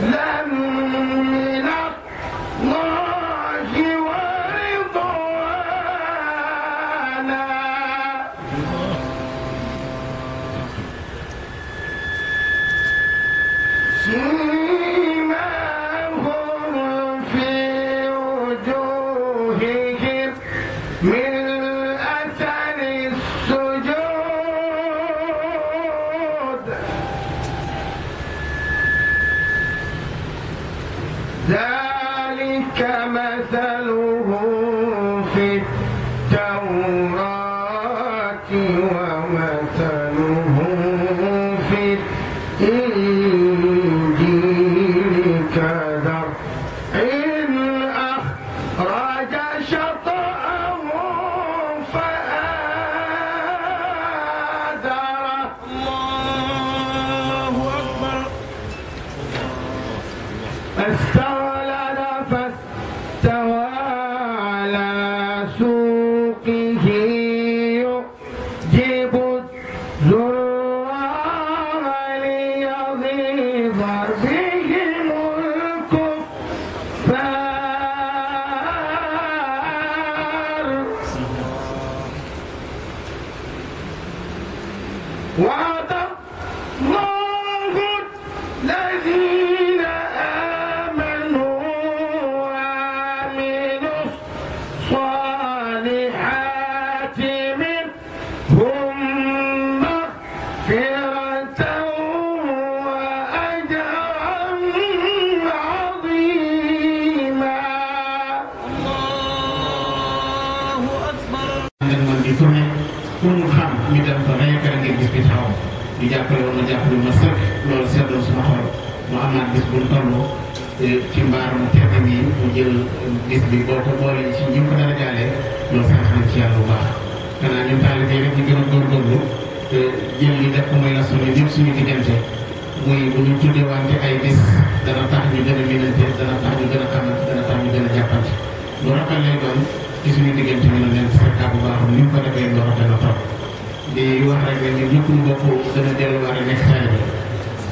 لا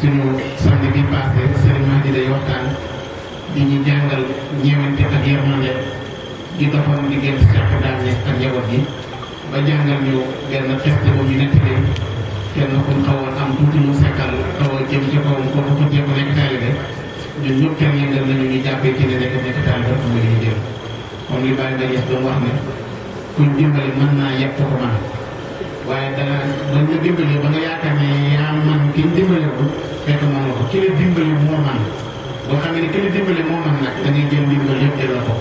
suñu samedi bi passé sëriñ di day waxtaan di ñu jàngal ñeewante ak yërmande di doxoon diggante Cheikh Ibrahima Niass ak njaboot gi ba jàngal ñu benn a bu ñu nettali kenn ku xawoon am tuuti mu a jëm ci ko ko a nekk taalibe ñun ñëpp kenn yëngal nañu ñu jàppee ci ne nekk nekk taalibe mu ngi ñu jëm li bàyyi ba Niass doon wax ne kuñ dimbali mën naa yàpp ko man waaye dana dañ la dimbali ba nga yaakaar ne yaa man ki dimbali fekk moom la ko ki la moo man boo xam ne ki la moo man nag da ngay jël dimbal yëpp delloo ko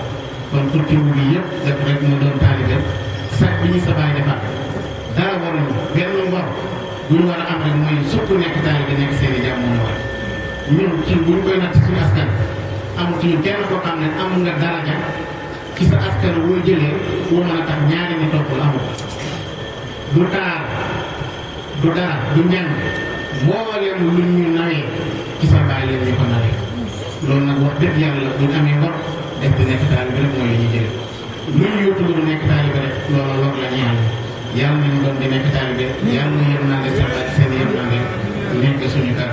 kon pour tur bi yëpp def doon taalibe sax bi ñu sa baay defar dara waroon benn ngor bu ñu war a am rek mooy surtout nekk taalibe nekk seen i jàmm moom war ñun ci bu ñu koy natt suñu askan amul ci ñu kenn koo xam ne amul nga daraja ci sa askan woo jëlee woo mën a du taar du dara du ñan mboolem lu ñu nawee ci sa baay leen ñu ko nawee loolu nag wax dëgg yàlla bu ñu amee ngor def di nekk taalibe rek mooy la ñuy jëlee lu ñu yóotu lu nekk rek loolu lor la ñuy am yàlla nañu doon di nekk taalibe yàlla na yem naa ne sa baay seen yem naa ne nekk suñu kar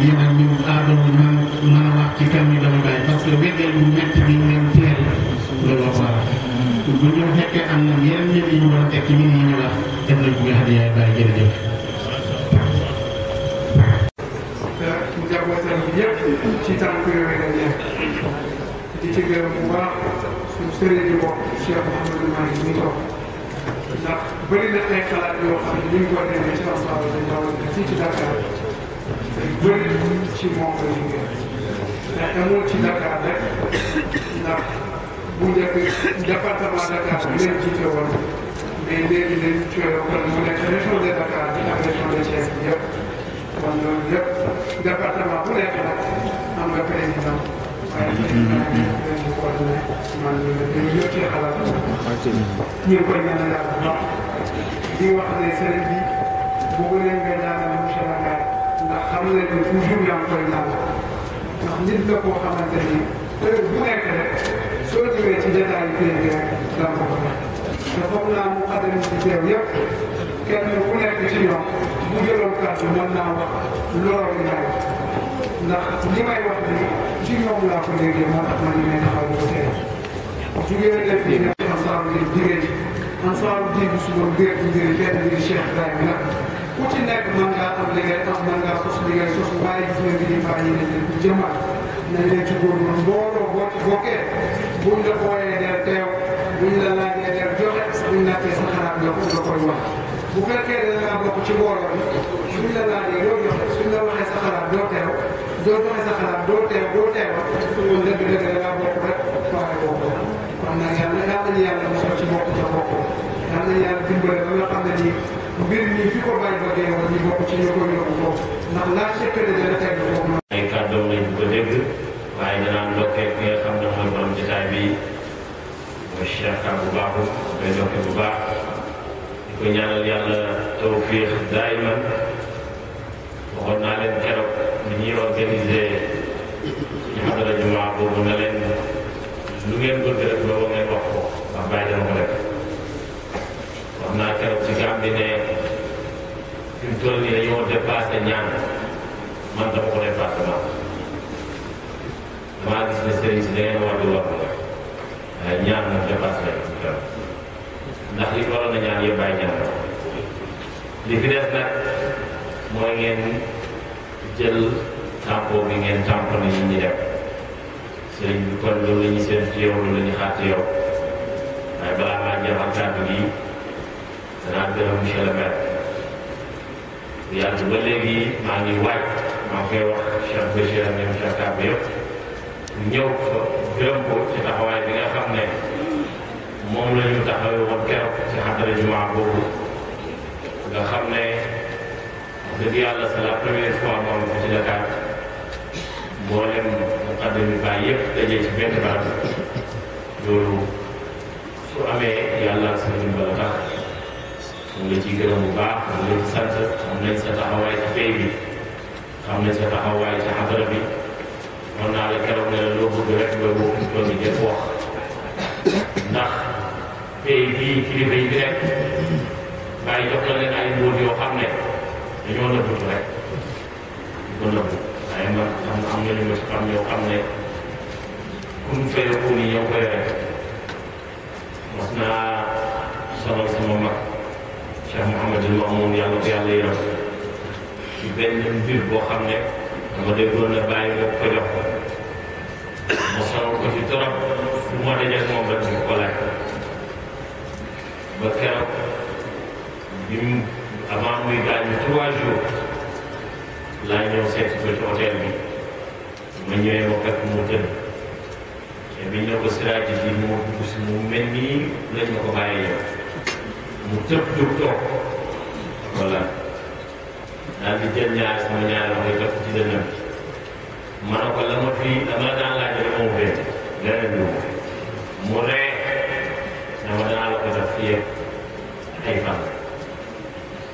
lii nag ñun aadama mën mën a wax ci kan ñu dama bàyyi parce que bu metti bi ñu leen looloo ko waral bu ñu fekkee am na yeneen njëriñ yu ñu mën a teg ci mbir yi ñu wax def nañ ko nga xam ne yaay bàyyi jërëjëf. njabootam yëpp ci tànk yooyu la nekk di ci gërëm bu baax suñu sëriñ bi bokk Cheikh Mouhamadou Mahi mi toog ndax bëri na ay xalaat yoo xam ne ñu ngi ko demee ci Fapal dañ ko war fii ci Dakar bëri ci moom la ñu ndax amul ci Dakar rek ndax. bu njëkk département Dakar bi leen jiite woon mais léegi dañ tuwee kon mu nekk région de Dakar bi ak région de Thiès bi yëpp kon loolu yëpp département bu nekk nag am nga président waaye président bi leen di coordonné man dañu yëpp ci xalaat ñu ngi koy ñaan yàlla bu baax di wax ne sëriñ bi boobu leen nga ñaanal monsieur le maire ndax xam ne ne toujours yaa ngi koy ñaan ndax nit la koo xamante ni heure bu nekk rek soo ñëwee ci jotaayu seen bi rek dama ko ko def mu xasee teew yëpp kenn ku nekk ci ñoom bu jëloon kàddu mën naa wax looloo ñaari ndax li may wax nii ci ñoom laa ko déggee moo tax ma ñu may taxaw di ko teel jigéen def fii nekk ansaaru diin jigéen ansaaru diin ku ci nekk mën ngaa am li ngay am mën ngaa sos li ngay sos waaye gis nga li ñuy bàyyi nañ leen jëmmal nañ leen ci góorgóorlu mbooloo boo ci buñ a xoolee deel teew buñ la laajee deel joxe buñ laajee sa xalaat nga ko koy wax bu fekkee ne dangaa bokk ci mbooloo bi la laajee doo joxe suñ la waxee sa xalaat doo teew doo joxe sa xalaat doo teew doo teewa kon dëgg-dëgg dangaa bokk rek faale bokko kon nag yàlla yàlla ñu yàlla ci bokk ca bokk yàlla ñu yàlla ba nga xam ne nii mbir mi fi ko bàyyi ba dee ñu bokk ci ñu ko yóbbu ko ndax laa sekkale waaye danaa ndokkeel ki nga xam ne mooy borom jotaay bi mooy Cheikh bu baaxu mooy ndokkeel bu baax di ko ñaanal yàlla tawfiix daayiman waxoon naa leen keroog ni ñuy organisé ci xadara jumaa boobu na leen lu ngeen bëgg rek loolu ngeen wax ko ndax bàyyi dama ko rek wax naa keroog ci gàm bi ne fi mu toll nii dañoo dépassé ñaan man dama ko dépassé maanaam. maa gis ne sëriñ si da ngeen war wax euh, ñaan moom je passe ndax li waroon a ñaan yëpp bàyyi ñaan li fi des nag mooy ngeen jël tampon bi ngeen tampon ni ñu def sëriñ bi kon loolu la ñu seen ci la ñu xaar ci yow waaye balaa maa jeexal kàddu gi danaa gërëm monsieur le maire yàlla ba léegi maa ngi waaj maa ngi koy wax chef de chef ñoom chef kàddu yëpp. ñëw fa gërëm ci taxawaay bi nga xam ne moom la ñu taxawee woon keroog ci jumaa boobu xam ne dëgg yàlla c'est la première fois moom fi ci Dakar mboolem muqaddam yi baay yëpp dajee benn barab loolu su amee yàlla sa ndimbal tax mu ngi ci gërëm bu baax mu ngi ci sant xam nañ sa taxawaay ci fay bi xam nañ sa taxawaay ci xadara bi mën naa la keroog ne la loo bëgg rek nga woo loo ñu jëf wax ndax tey bii kilifa yi bi rek bàyyi jox la leen ay mbóot yoo xam ne dañoo nëbbutu rek ko nëbbu waaye man am am na lu ma ci xam yoo xam ne kun fayakun yi ñoo koy rek mas naa sonal sama mag Cheikh Mouhamadul Mamoun yàlla ko yàlla yërëm ci benn mbir boo xam ne mu déggoon a bàyyi ba ko jox ko torop fu ma dajal moom rek mu ko laaj ba keroog bi mu avant muy gaañu trois jours laa ñëw seet ko ci hôtel bi ma ñëwee ma fekk mu tëdd te biñ si mu mel nii lañ mu tëb jóg toog voilà daal di jël ñaar sama ñaar mooy def ci dënnam ma ne ko la ma fi dama daan laaj rek moo fee leneen ñu mu ree dama daan la ko def fii yëpp ay fan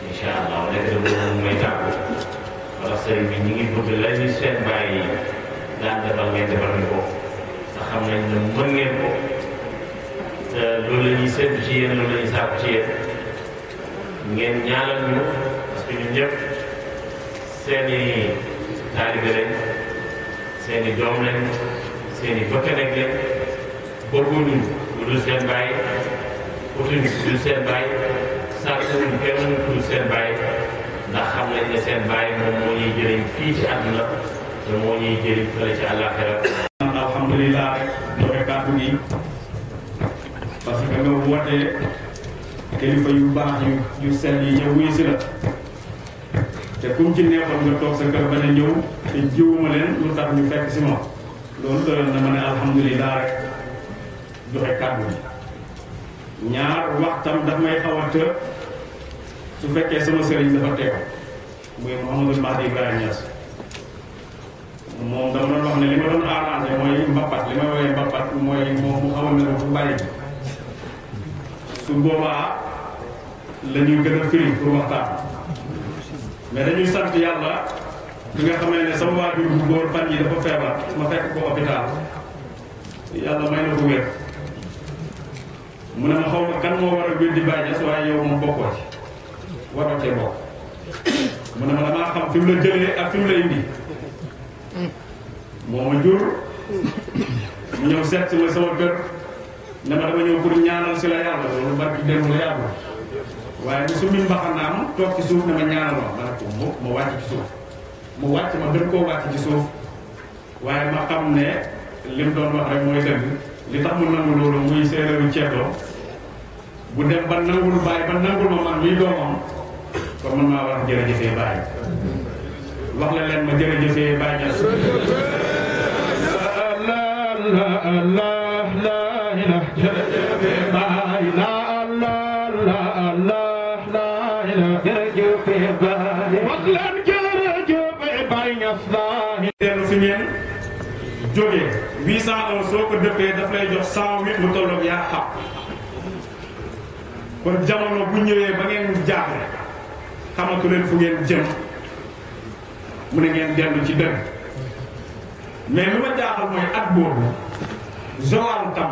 incha allah nekk na moom may tàggu wala ñu ngi bëgg la ñu bàyyi daan defal ngeen defal ñu ko te xam nañ ne ngeen ko te loolu la ñuy séntu ci yéen loolu la ñuy sàkku ci yéen ngeen ñu parce seeni taalibe lañ seeni doom lañ seeni bokk lañ leen seen bàyyi utuñu lu seen bàyyi sàkkuñu kenn ku dul seen bàyyi ndax xam ne seen bàyyi moom moo ñuy jëriñ fii ci àdduna te moo ñuy jëriñ fële ci àllaaxira alhamdulilah joxe kàddu gi parce que nga woote kilifa yu baax yu yu yi ñëw te kum ci neexoon nga toog sa kër ba ne ñëw te jiwuma leen lu tax ñu fekk si moom loolu doyoon na ma ne alhamdulilah rek joxe kàddu ñaar waxtam daf may xaw a su fekkee sama sëriñ dafa teew muy Mouhamadou Mahdi Ibrahima Niass moom dama doon ne li ma doon arrangé mooy mbappat li ma woowee mbappat mooy moom mu xaw a mel fu bari su boobaa la gën a firi pour waxtaan mais dañuy sant yàlla bi nga xamee ne sama waajur bu góor fan yi dafa feebar ma fekk ko hôpital yàlla may na ko wér mu ne ma xaw kan moo war a wér di bàyyi waaye yow ma bokkoo ci waroo cee bokk mu ne ma damaa xam fi mu la jëlee ak fi la indi moo ma jur mu ñëw seet si ma sama kër ne ma dama ñëw pour ñaanal si la yàlla loolu barki démb la yàlla waaye mu summi mbaxanaam toog ci suuf dama ñaanaloo ma ne ko mu ma wàcc ci suuf mu wàcc ma gën koo wàcc ci suuf waaye ma xam ne li doon wax rek mooy dëgg li tax mu nangu loolu muy séeréeru ceetoo bu dem ba nangul bàyyi ba nangul ma man muy doomam kon man maa war a jërëjëfee bàyyi wax la leen ma jërëjëfee bàyyi ñas la lan jërëjëf bay bàyyi ñas laa dellu si ngeen jógee 801 soo ko dëppee daf lay jox 108 lu tolloog yaa xam kon jamono bu ñëwee ba ngeen jaaxle xamatu leen fu ngeen jëm mu ne ngeen dellu ci dëgg mais lu ma jaaxal mooy at boobu Joal tam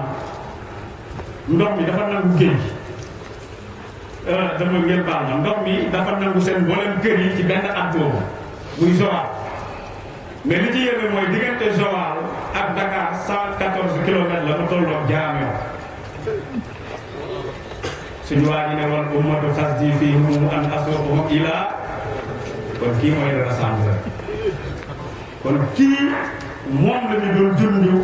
ndox mi dafa nangu géej Euh, dama ngeen baal ma ndox mi dafa nangu seen mboolem kër yi ci benn at boobu muy Joal mais li ci yéeme mooy diggante Joal ak Dakar 114 kilomètres la mu tolloog Jaaméo suñu waa ji ne woon ummatu xas ji fii mu an asoohum ilaa kon kii mooy rassemble kon kii moom la ñu doon junju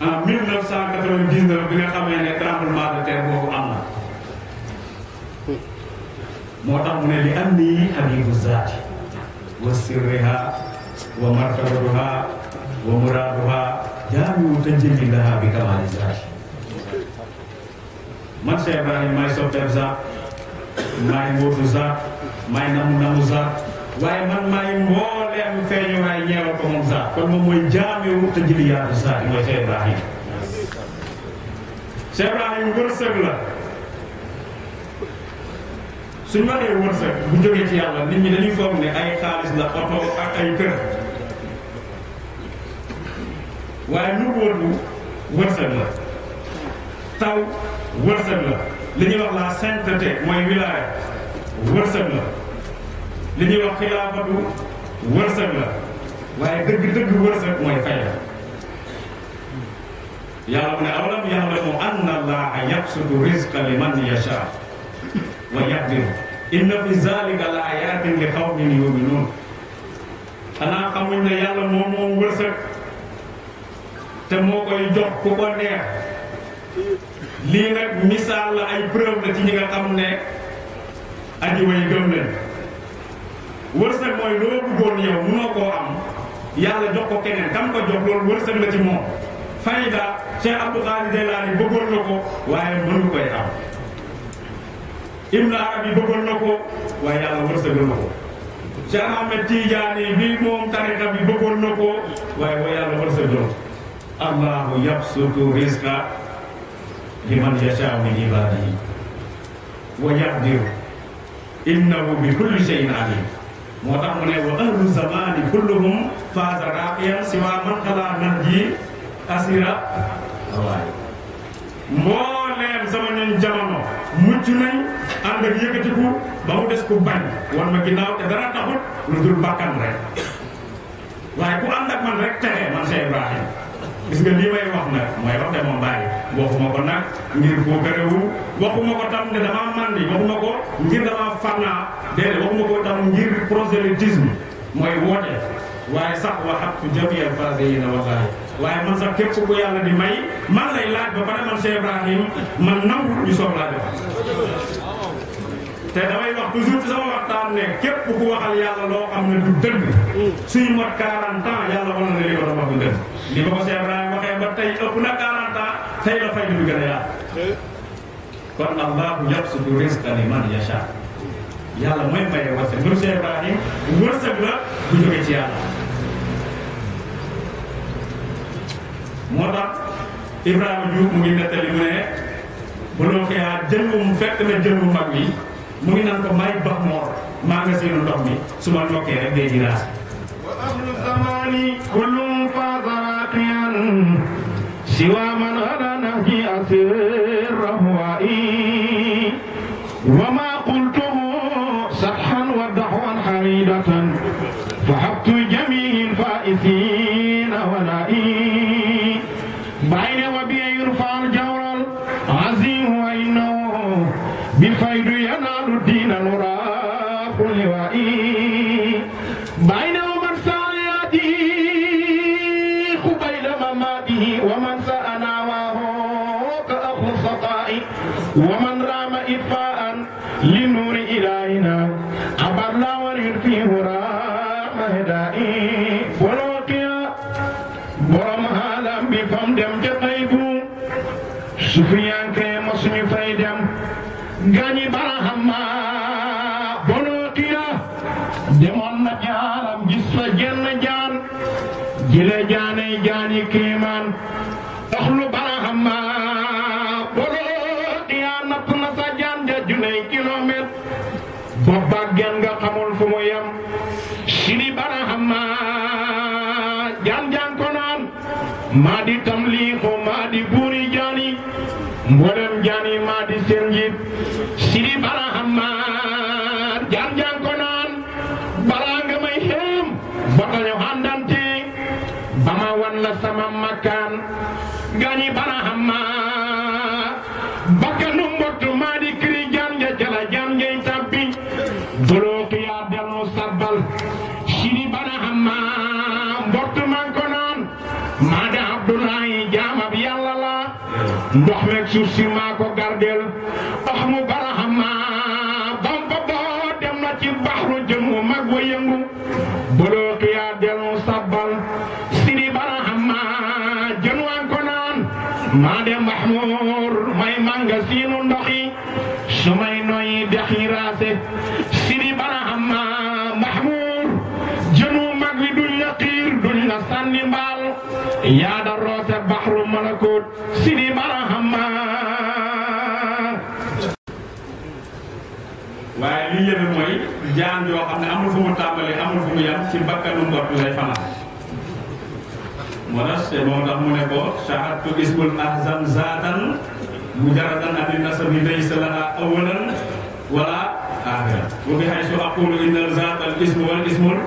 en 1999 bi nga xamee ne tremblement de terre boobu am na moo tax mu li am nii habibu zaati wa sirriha wa martabatuha wa muraaduha jaamiu tanjëmi laha bi kamaali zaati man Cheikh Ibrahima maay soppeem zaat maay mbóotu zaat maay namu namu zaat waaye feeñu waaye ñeewal ko kon moom mooy jaamiu tanjëmi yaatu zaati mooy Cheikh Ibrahima Cheikh Ibrahima wërsëg suñ waxee wërsëg bu jógee ci yàlla nit ñi dañuy foog ne ay xaalis la oto ak ay kër waaye lu wóolu wërsëg la taw wërsëg la li wax la sainteté mooy wilaaya wërsëg la li ñuy wax xilaafatu wërsëg la waaye dëgg-dëgg wërsëg mooy fay la mu ne awalam ya'lamu anna Allaha yabsutu rizqa liman yasha wa yaqdiru inna fi zalika la ayatin li qawmin yuminun xanaa xamuñ ne yàlla moom moom wërsëg te moo koy jox ku ko neex lii nag misaal la ay preuve la ci ñi nga xam ne aji way gëm leen wërsëg mooy loo bëggoon yow mënoo koo am yàlla jox ko keneen kam ko jox loolu wërsëg la ci moom fayda Cheikh Abdou Khadre Jeylaani bëggoon na ko waaye mënu koy am Ibn Arabi bëggoon na ko waaye yàlla wërsëgal na ko Cheikh Ahmed Tidiane bi moom tarixa bi bëggoon na ko waaye waaye yàlla wërsëgal allahu yabsutu rizqa liman yashaa min ibadihi wa yaqdiru innahu bi kulli shay'in alim moo tax mu ne wa ahlu zamani kulluhum faaza raqiyan siwa man xala nan ji asira waaye examen jamono mucc nañ ànd ak yëkkatiku ba mu des ku bañ wan ma ginnaaw te dara taxut lu dul bàkkan rek waaye ku ànd man rek texe man Cheikh Ibrahim gis nga lii may wax nag mooy wax de moom bàyyi ko nag ngir boo gërewu waxuma ko tam ngir damaa mooy woote waaye sax waxat ku jamiyal phase yi na waxaay waaye man sax képp ku yàlla di may man lay laaj ba pare man Cheikh Ibrahim man nangu ñu soog laa def te damay wax toujours sama waxtaan ne képp ku waxal yàlla loo xam ne du dëgg suy mot 40 yàlla war na ne lii a wax du dëgg li ma ko Cheikh Ibrahim waxee ba tey ëpp na 40 tey la fay du gën a yaatu kon allahu yabsutu rizqa liman yasha yàlla mooy maye wërsëg mbiru Cheikh Ibrahim wërsëg la bu jóge ci yàlla moo tax Ibrahima Diouf mu ngi nettali mu ne bu loo xeexaat jënwum fekk na jënwu mag wi mu ngi naan ko may bax moor maa nga seenu ndox mi su ma nokkee rek day giraas wa ahlu zamani kullum fazaraqiyan siwa man ala nahji asirrahu wa ni maa di seen njiit Sidi Bara Hamma ndox meeg suuf si maa ko gardeel ax mu baraxama bamba boo dem na ci baxru jën wu mag wa yëngu boloo xiyaa delu sabbal sidi baraxama jën waan ko naan maa dem mahmuur may wu mag wi duñ la xiir duñ la sànni waaye li yéeme mooy jaan yoo xam ne amul fu mu tàmbali amul fu mu yam ci bakkanu mbott lay fanaan moo tax moom tax mu ne ko shahadtu ismul ahzam zaatan mujaradan ani nasabi laysa laha awalan wala aaxiran wa bi haysu aqulu inna zaat al ismu wal ismul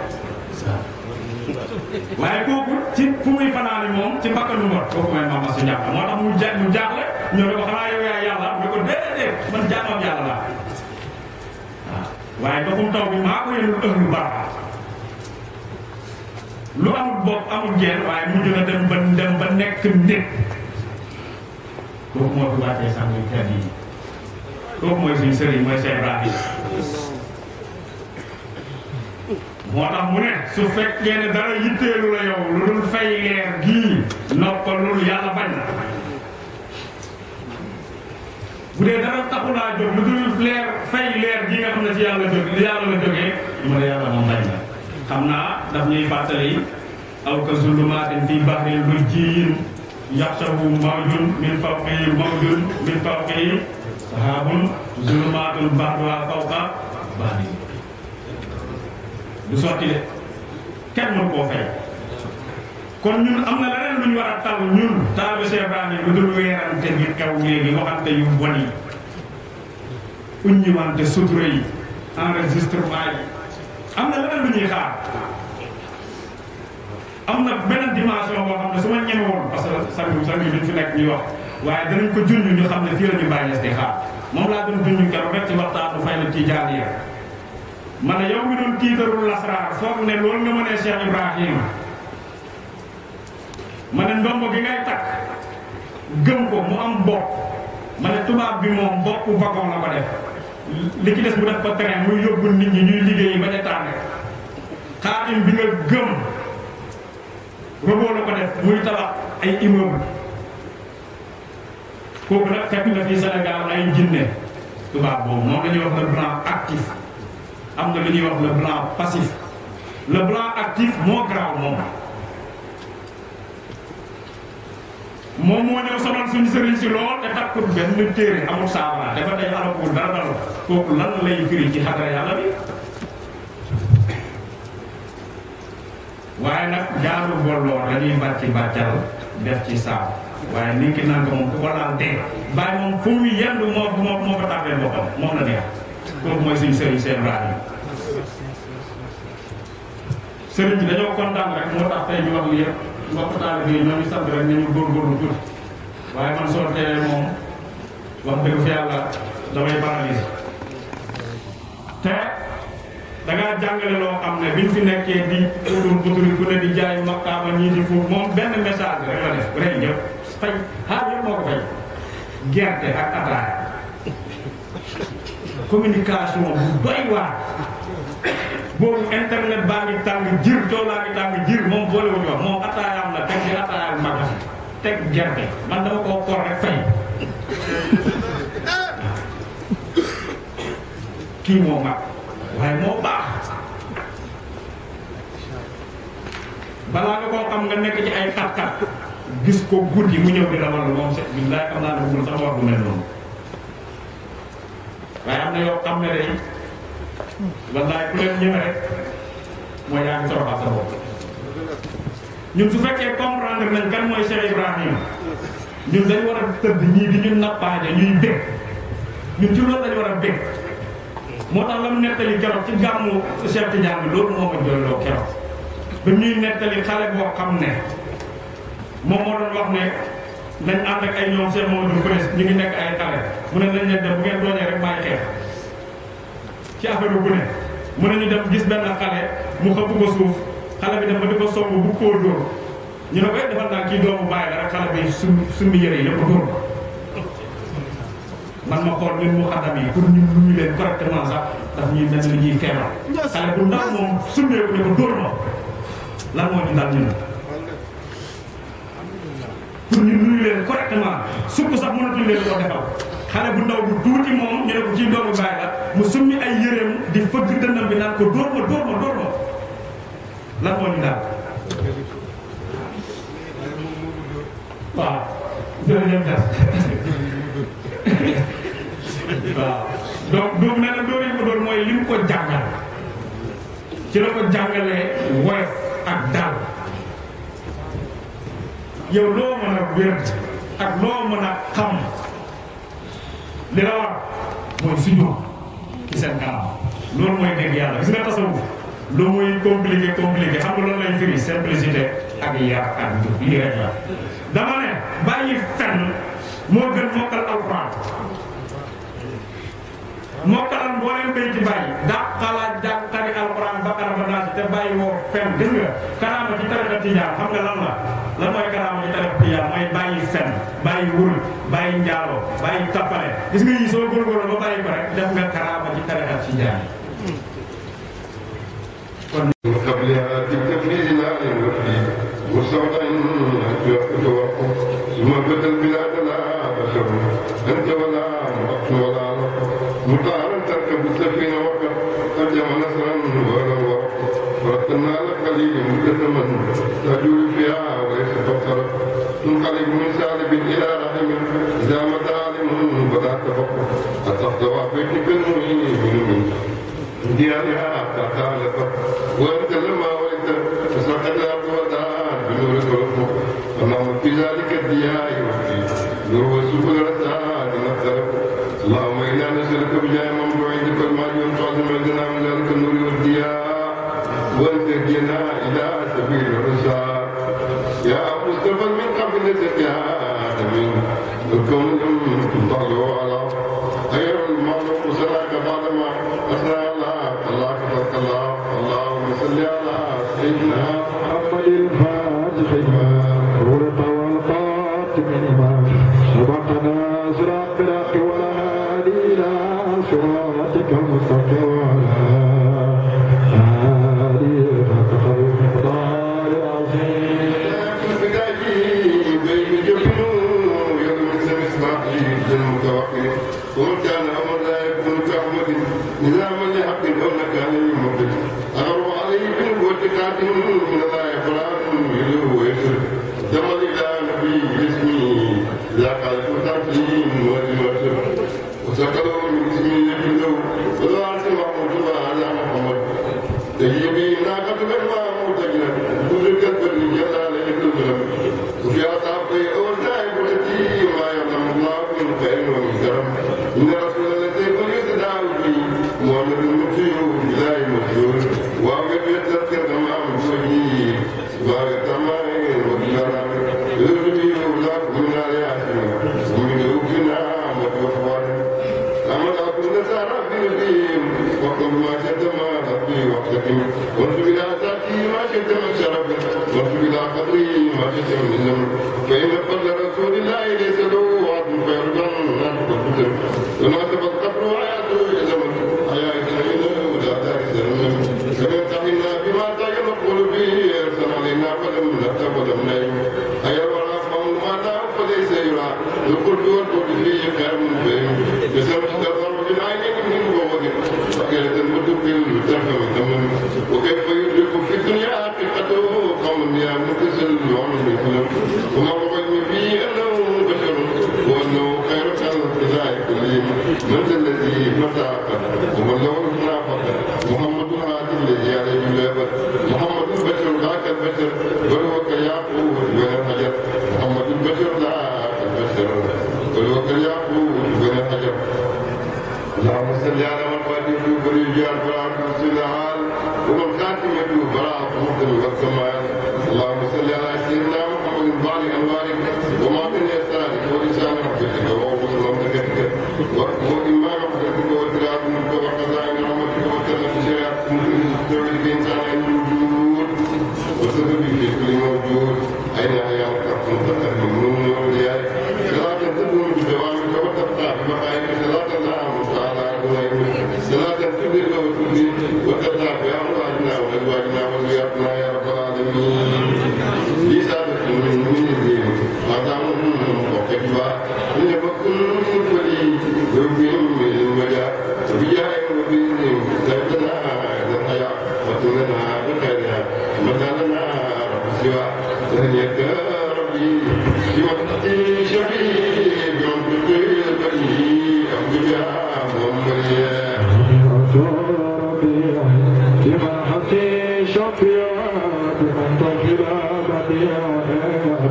waaye kooku ci fu muy fanaani moom ci mbakkanu mbott kooku mooy maam Asta Ndiaye moo tax mu ja mu jaaxle ñoo ne ko xanaa yow yaa yàlla ñu ko déedéet man jaamam yàlla laa waaye doxul taw bi maa ko yenul ëf lu baax lu amul bopp amul jeen waaye mujj na dem ba dem ba moo fi wàccee sànq yu tedd mooy suñu sëriñ mooy Cheikh Ibrahima moo tax mu ne su fekkee ne dara yitteelu la yow lu dul fay leer gii noppalul yàlla bañ na bu dee dara taxu laa jóg lu dul leer fay leer gi nga xam ne ci yàlla jóg yàlla la jógee mu ne yàlla moom bañ na xam naa daf ñuy fàttali aw ka zulumaatin fii bahrin lujjiyin yaxsabu mawjun min fawqihi mawjun min fawqihi sahaabun zulumaatun ba'duhaa fawqa ba'din du sotti de kenn mënu koo fay kon ñun am na leneen lu ñu war a ñun taalibe Cheikh Ibrahima lu dul weerante gi xew léegi waxante yu bon yi uññiwante sutura yi enregistrement yi am na leneen lu ñuy xaar am na beneen dimension boo xam ne su woon parce que sami fi nekk ñuy wax waaye danañ ko junj ñu xam ne fii ñu bàyyees di xaar moom laa doon junj keroog rek ci waxtaanu fay na ci jaar yi ma ne yow mi doon tiitarul lasraar foog ne loolu nga mënee Cheikh Ibrahima ma ne ndomb bi ngay takk gëm ko mu am bopp ma tubaab bi moom bopp wagon la ko def li ci des mu def ko train muy yóbbu nit ñi ñuy liggéeyi ba detaane xaatim bi nga gëm roboo la ko def muy tabax ay immeuble kooku nag fekk na fii Sénégal ay jinne tubaab boobu moom la ñuy wax le blanc actif am na lu ñuy wax le blanc passif le blanc actif moo garaaw moom moom moo ñëw sonal suñu sëriñ si lool te takkul benn téere amul saabara dafa day alakul dara dara kooku lan lay firi ci xadara yàlla bi waaye nag jaaru bolloor dañuy bàcc bàccal def ci saabu waaye nit ki naan moom ku ko laal dee bàyyi moom fu mu yendu moo moo moo ko tàbbee boppam moom la neex kooku mooy suñu sëriñ seen raaj yi sëriñ bi dañoo kontaan rek moo tax tey ñu wax lu yëpp mbokk taal bi ñoo ngi sant rek ñu góorgóorlu tuuti waaye man soo teelee moom wax dëgg fi yàlla damay banalise te da jàngale loo xam ne biñ fi nekkee di utur buturi ku ne di jaay maqaama ñii di fuuf moom benn message rek la def rey ñëpp fay xaar yëpp moo ko fay gerte ak ataaya communication bu doy waar boobu internet baa ngi tàng jir coow laa ngi tàng jir moom boole wu ñu wax moom ataayaam teg ci ataayaam mag teg gerte man dama koo kor rek fay kii moo mag waaye moo baax balaa nga koo xam nga nekk ci ay xat-xat gis ko guddi mu ñëw di la moom set billaay xam naa ne bul sax wax bu mel noonu waaye am na yoo xam ne day wallaay ku leen ñëwee rek mooy yaa ngi toroxal sa ñun su fekkee comprendre nañ kan mooy Cheikh Ibrahima ñun dañ war a tëdd ñii di ñu nappaaje ñuy bég ñun ci loolu lañ war a bég moo tax la mu nettali keroog ci gàmmu Cheikh Tidiane bi loolu moo ma jooyloo keroog ba ñuy nettali xale boo xam ne moom moo doon wax ne nañ ànd ak ay ñoom Cheikh Mamadou Kones ñu ngi nekk ay xale mu ne nañ leen dem bu ngeen doonee rek bàyyi xeex ci affaire bu ne mu a ñu dem gis benn xale mu xëpp ko suuf xale bi dafa di ko somb bu koo dóor ñu ne ko it su summi yëre ma yi pour ñun ñu leen correctement sax daf lan moo ñu dal ñun pour ñun ñu leen correctement surtout sax mënatuñ leen ko defal xale bu ndaw bu tuuti moom ñu ko ci doomu baay la mu summi ay yëreem di fëgg dënnam bi naan ko dóor ma dóor moo li mu ko jàngal ci la ko jàngalee woyof ak daal yow loo mën a wér ak loo mën a xam li la war mooy suñu ci seen kanam loolu mooy dégg yàlla gis nga tasawuf lu muy compliqué compliqué xam nga loolu lañ firi simplicité ak yar ak jub lii rek la dama ne bàyyi fenn moo gën mokkal alquran mokkalan boo leen béy ci bàyyi dàqalaaj jàngtari alquran bakara ba daal te bàyyi woo fenn gis nga karaama ci tariqa tijaan xam nga lan la lan mooy karaama ci tariqa tijaan mooy bàyyi fenn bàyyi wurul bàyyi njaaloo bàyyi tappale gis nga yii soo góorgóorloo ba bàyyi ko rek def nga karaama ci tarixa ci njaan kon قبلها بالتبليغ العالم وفي والصوت توقف ثم بدا البلاد لا بشر انت ولا وقت ولا مطهرا تركب السفينه وقف ترجم نصرا ولا وقت ورتلنا لك قليلا مجسما تجول فيها وليس بصرا تنقلب من سالب الى வெற்றிகள் முடியும் விரும்பும் இந்தியாவில் தக்காலத்தம் உலகத்தில் மாவட்ட சட்டத்தாக்குவதான் இன்னொரு குழப்பம் நம்ம பிதாதிக்க தியாய் நுருவ சுப்புகடத்தான் இனத்தரப்பு اللهم انا نسالك بجاه من بعيدك الماجد والقاسم عندنا من ذلك النور والضياء وانتهينا الى سبيل الرشاد يا مصطفى من قبل الاتهام الكون لم تطلعوا نرسل الذي قلت دعوتي محمد المطيع لا يمجون وعمل يتذكر مع مجوهي بعد تمام وكرم يرمي الله من آياتنا من ربنا وكفر أما أكون سارا في الدين وقل ما شتم في وقتك وانت بلا تأتي ما شتم شرفك وانت بلا قدري ما شتم من فإن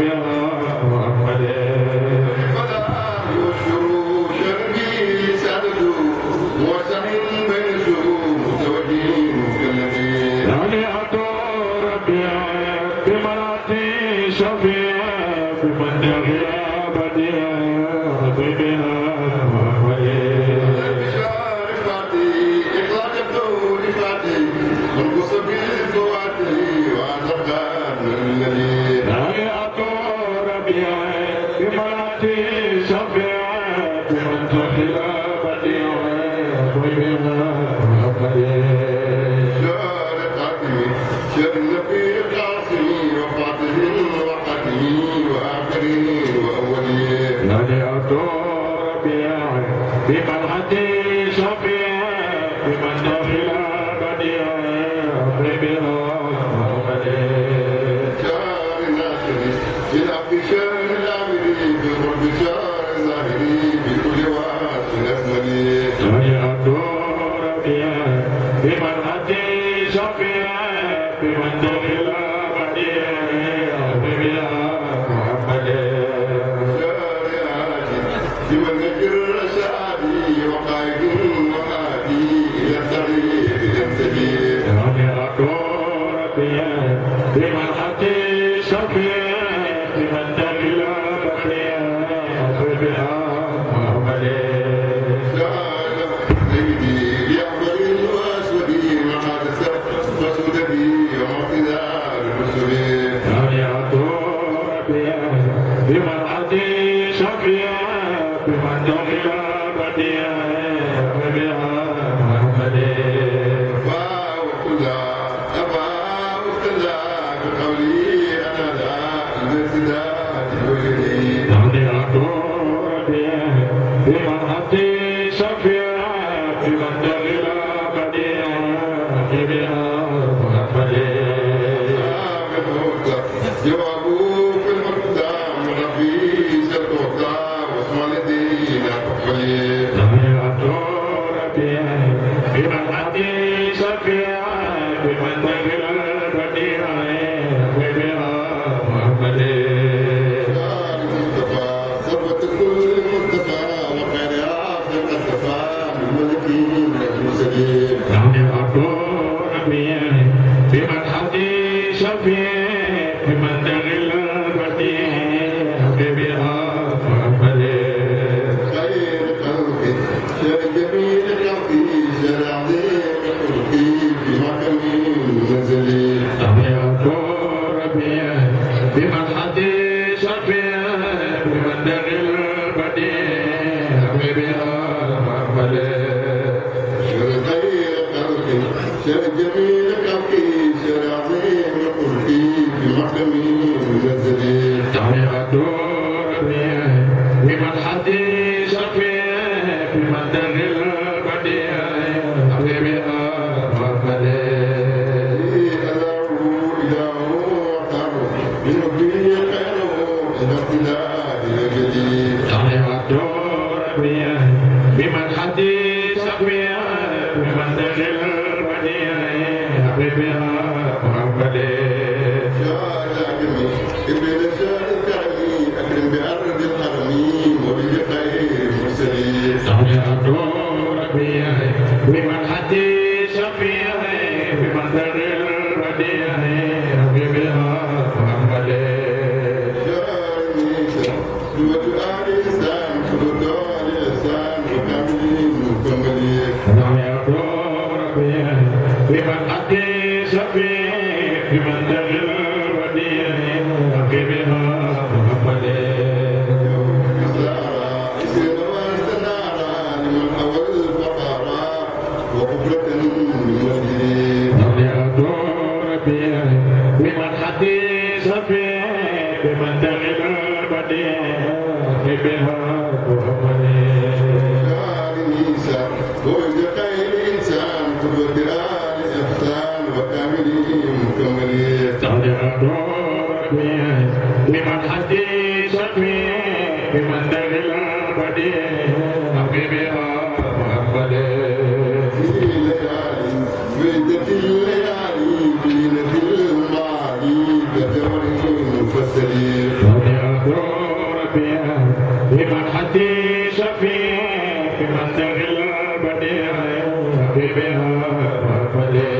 الله أحد Give me the سيدي شفيع في منزل البديع حبيبنا محمد